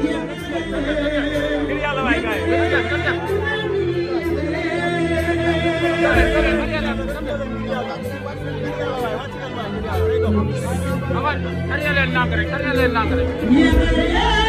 Aman, karya leen nang rek, karya leen nang rek.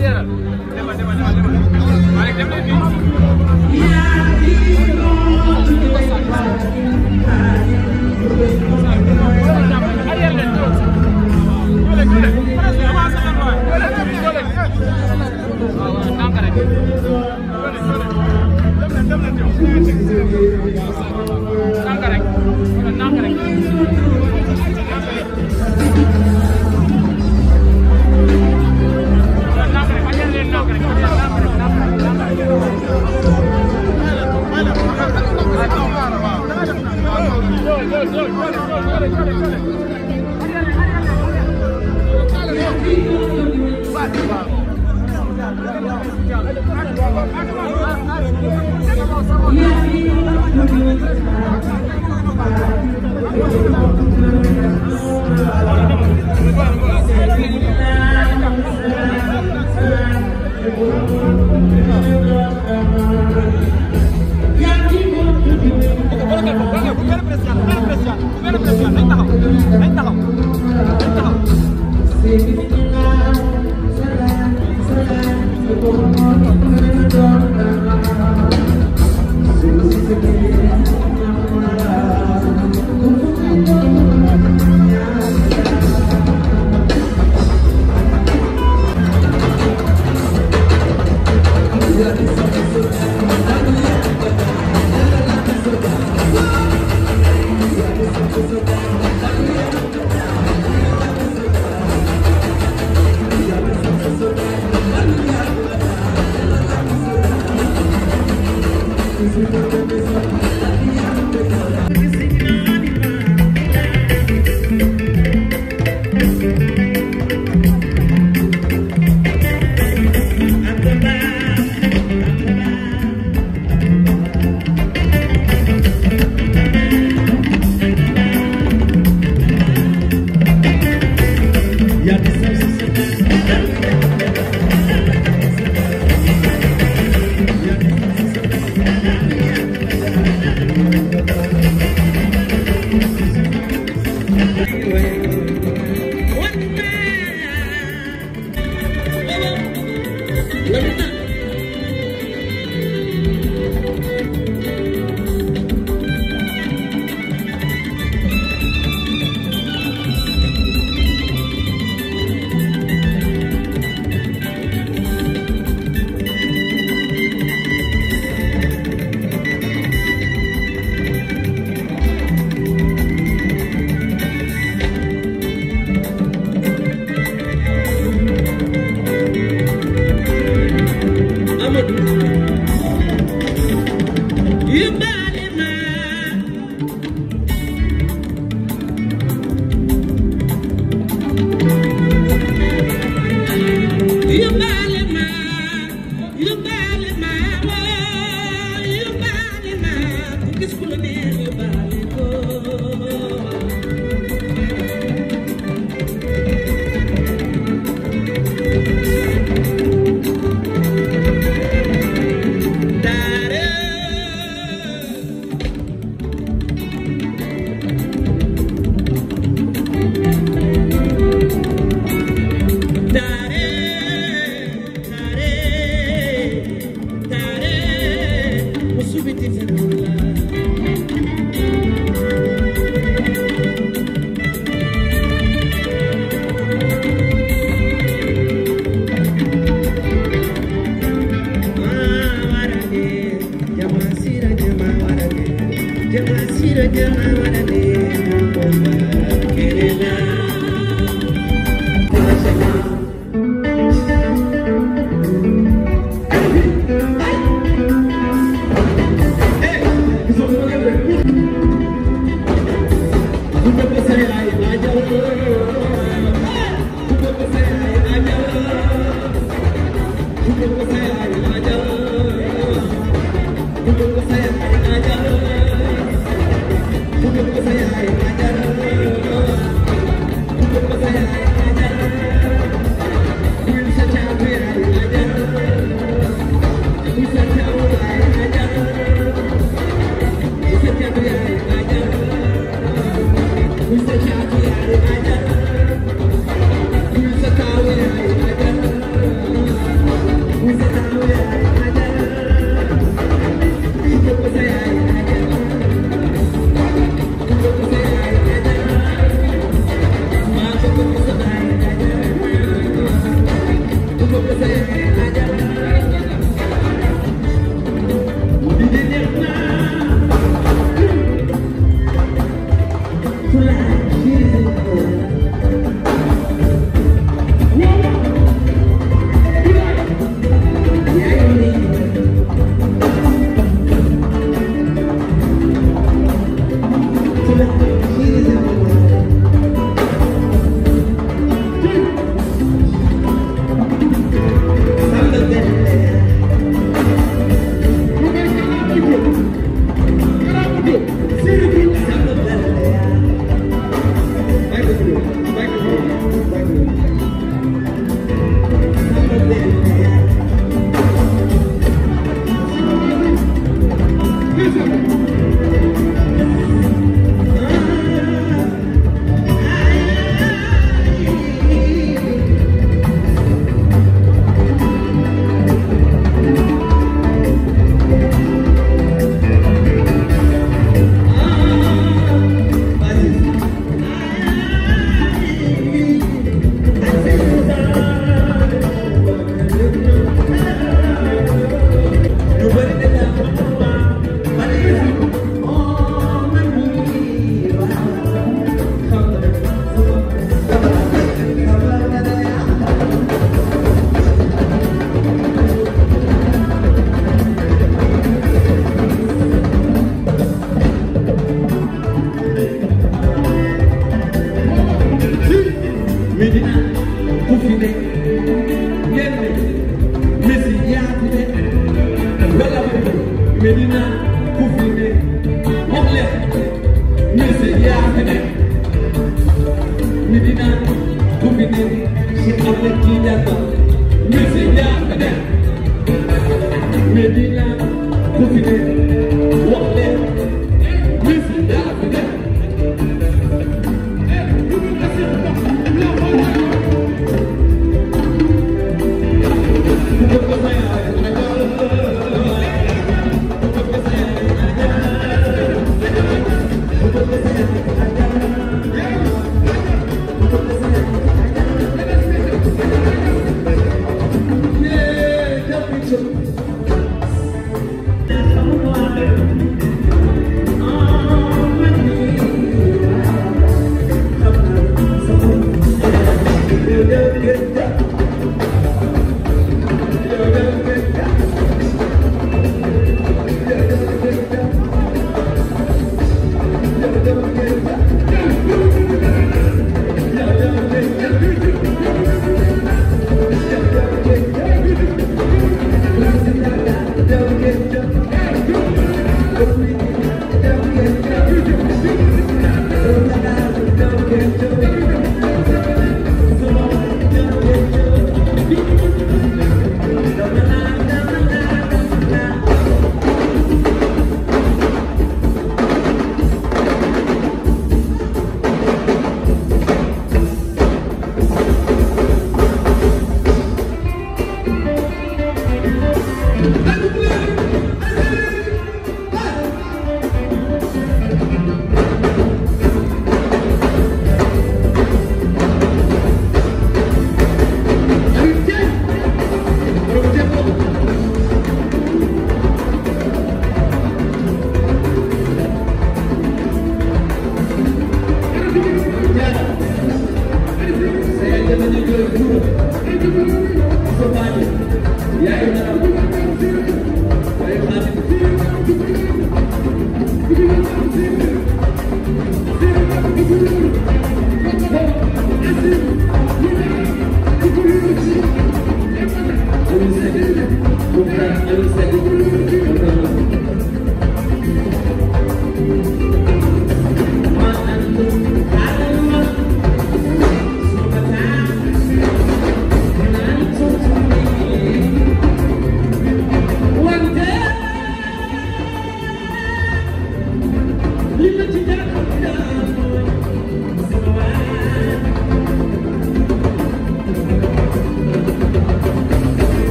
Yeah,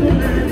Thank you.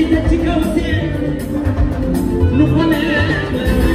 lii da ci kaw seen nu ko neex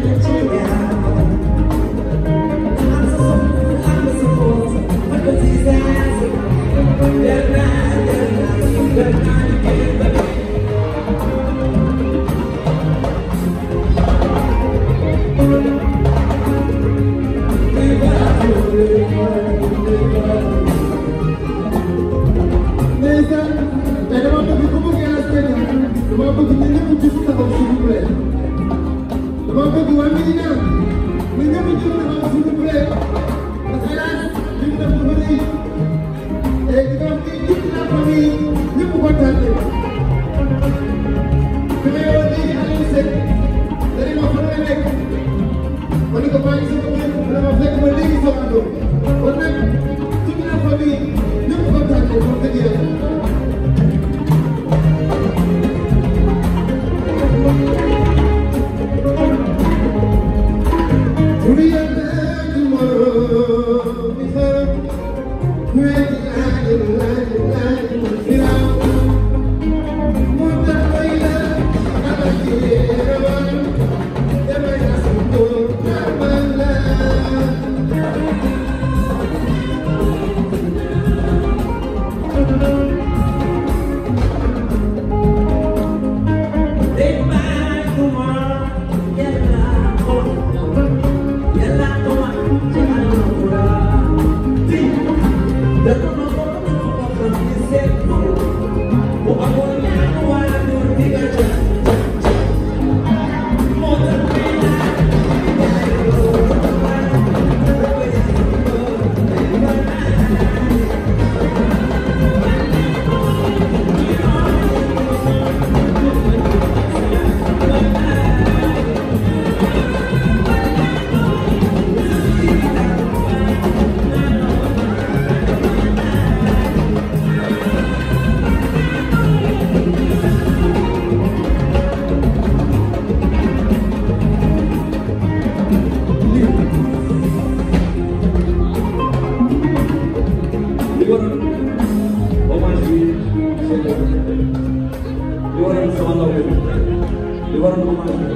Thank you.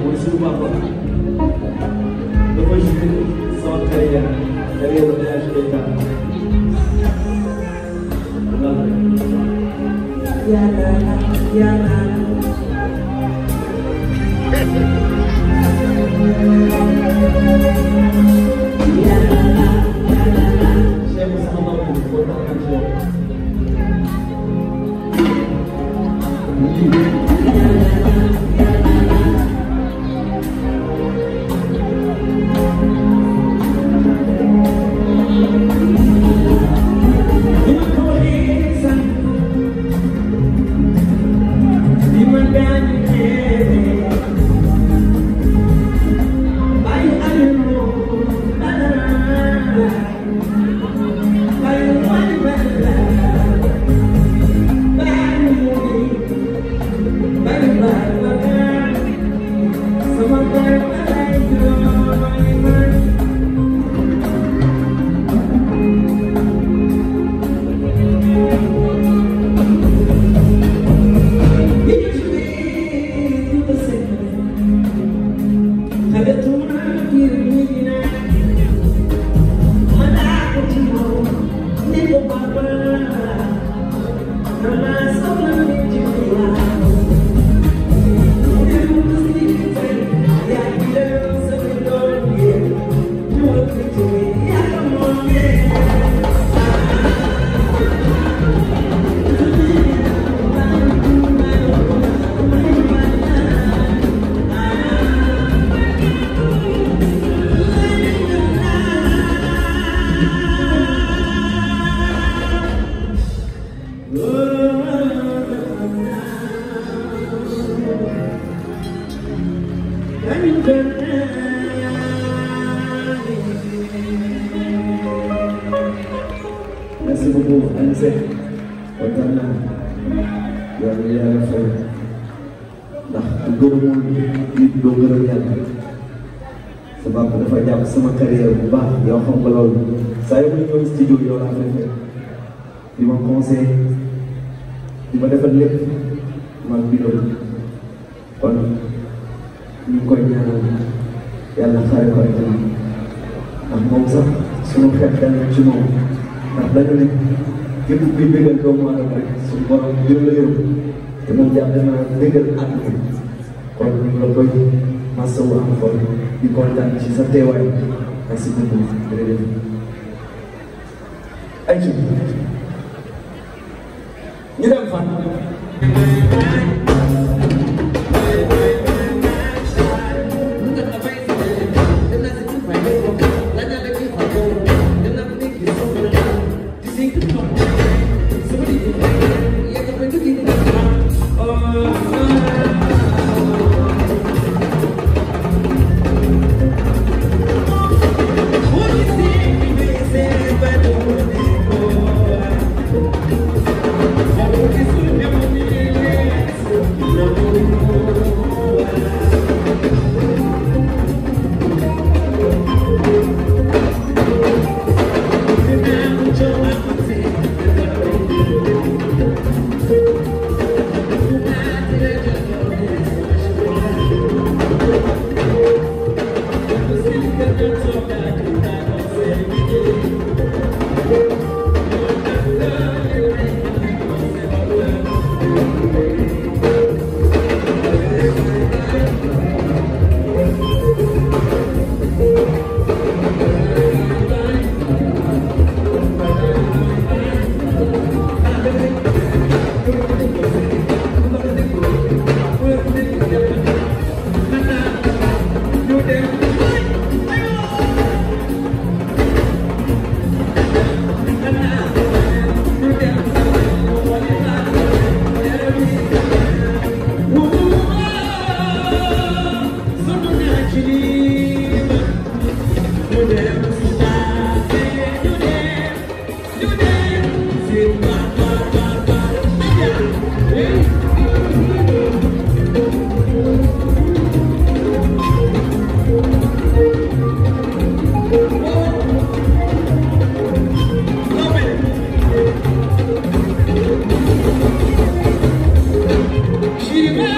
mooy suñu papa dafa gis sama carrière carrière de LHDK yàlla yàlla Ele é tudo. kon ñu ngi koy ñaanal yàlla xaare ko àjjana ndax moom sax suñu xeex dal na ci moom ndax dañu ne képp kuy bégal doomu aadama rek suñu borom yër la yër te moom jàpp na bégal ànd bi kon ñu ngi la koy masawu am kon di kontaan ci sa teewaay merci beaucoup jërëjëf ay ci ñu dem fan Amen.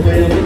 Thank you.